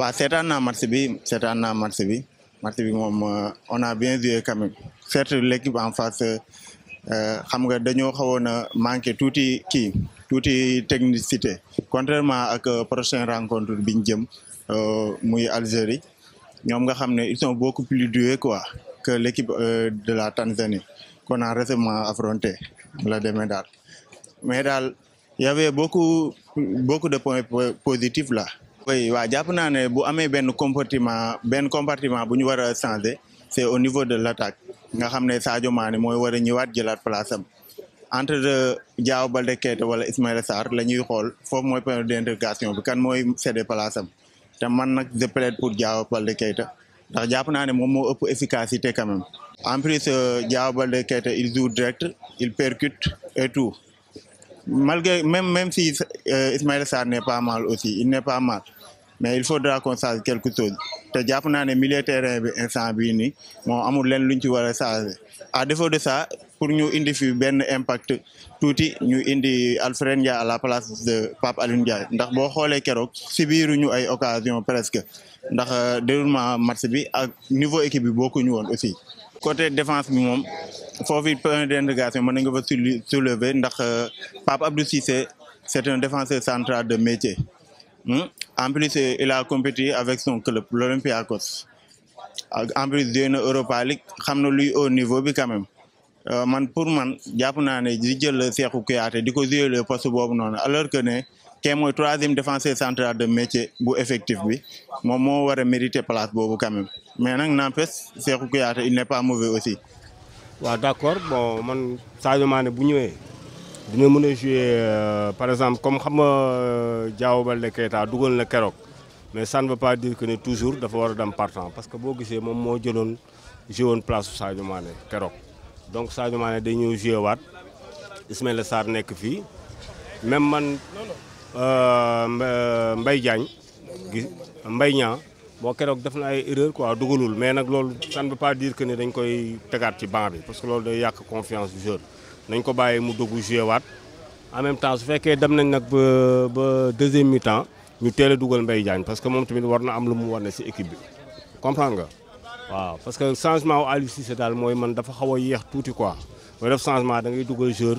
waaw seetaan match bi match bi euh, on a bien vu quand même certes l'équipe en face euh, xam nga dañoo xawona a manqué qui touti technicité contrairement à euh, prochaine rencontre de jëm euh muy Algérie ñom nga xamné ils sont beaucoup plus doués quoi que l'équipe de la Tanzanie qu'on a récemment affronté la demee daal mais il y avait beaucoup beaucoup de points positifs là oui waaw jàpp naa ne bu amee benn comportement benn comportement bu ñu war a changer c' au niveau de l' attaque nga xam ne Sadio Mané mooy war a ñëwaat jëlaat place am entre euh, Diao Baldé Keita wala Ismaïla Sarr la ñuy xool foofu mooy point d' interrogation bi kan mooy cédé place am te man nag je plaide pour Diao Baldé Keita ndax jàpp naa ne moom moo ëpp efficacité quand même en plus euh, Diao Baldé Keita il joue direct il percute et tout. malgré même même si euh, Ismaïla Sarr pas mal aussi il n'est pas mal mais il faut qu'on change quelque chose te jàpp naa ne milieu terrain bi instant bii ni moom amul leen luñ ci war a à défaut de ça pour ñu indi fi benn impact tuuti ñu indi Alfred Ndiaye à la place de Pape Alioune Ndiaye ndax boo xoolee keroog si biiru ñu ay occasion presque ndax euh, déroulement match bi ak niveau équipe bi bokkuñu woon aussi côté défense bi moom Faut it point de dérogation mën soulever ndax euh, Pape Abdou Cissé c'est un défenseur central de métier hmm? en plus euh, il a compétit avec son club l'Olympiakos en plus joué na Europa League xam luy haut niveau bi quand même euh, man pour man jàpp naa ne di jël Cheikhou Kouyaté di jouer le poste boobu non. alors que ne kee le troisième défenseur central de métier bu effectif bi moom moo mériter place boobu quand même mais n'empêche Cheikhou il n'est pas mauvais aussi waaw D'accord, bon man Sadio Mané bu ñëwee dina mën a jouer euh, par exemple comme xam nga euh, Diao Baldé Keita dugal na Kérok. mais ça ne veut pas dire que ne toujours dafa war a dem partant parce que boo gisee moom moo jëloon joué place au Sadio Mané Kérok. donc Sadio Mané day ñëw jouer waat Ismaël Sarr nekk fii même man euh, Mbaye Diagne Mbaye Niang boo keroog def na ay erreur quoi dugalul mais nag loolu ça ne veut pas dire que ne dañ koy tegaat ci banc bi parce que loolu day yàq confiance du joueur nañ ko bàyyi mu dugg jouer waat en même temps su fekkee dem nañ nag ba ba deuxième mi-temps ñu teel a dugal Mbaye Diagne parce que moom tamit war na am lu mu war ne si équipe bi comprendre nga waaw parce que changement wu Aliou Cissé daal mooy man dafa xaw a yéex tuuti quoi booy def changement da ngay dugal joueur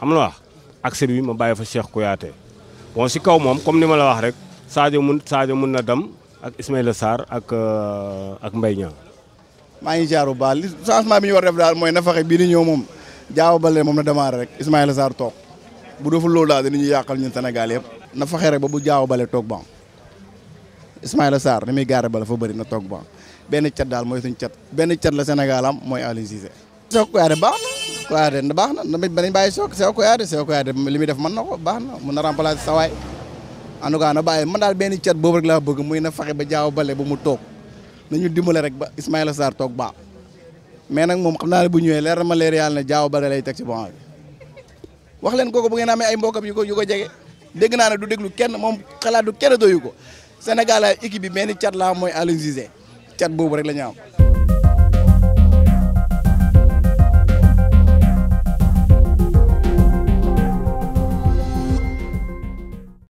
xam la wax accès bi ma bàyyi fa Cheikh Kouyaté bon si kaw moom comme ni ma la wax rek Sadio mun Sadio mun na dem ak Ismaïla Sarr ak euh, ak Mbaye Niang. maa ngi jaaru baal li changement bi ñu war def daal mooy na fexe bii di ñëw moom jaaw bale moom na démarré rek Ismaïla Sarr toog bu deful loolu daal dinañu yàqal ñun Sénégal yëpp na fexe rek ba bu jaaw bale toog ban Ismaïla Sarr ni muy gaare bale fa bëri na toog ban benn cet daal mooy suñ cat benn cat la Sénégal mooy Aliou Cissé. Cheikh Kouyaté baax Koyate baax na damay dañuy bàyyi Sow Sow Koyate Sow Koyate li muy def na ko baax na mun na remplacer sa waay en tout cas na bàyyi man daal benn cat boobu rek laa bëgg muy na fexe ba jaaw bale ba mu toog nañu dimbale rek ba Ismaïla Sarr toog baax mais nag moom xam naa ne bu ñëwee leer na ma leer yàlla jaaw bale lay teg ci banc wax leen kooku bu ngeen amee ay mbokam yu ko yu ko jege dégg naa ne du déglu kenn moom xalaat du kenn doyu ko Sénégal équipe bi benn cat laa mooy Aliou cat boobu rek la am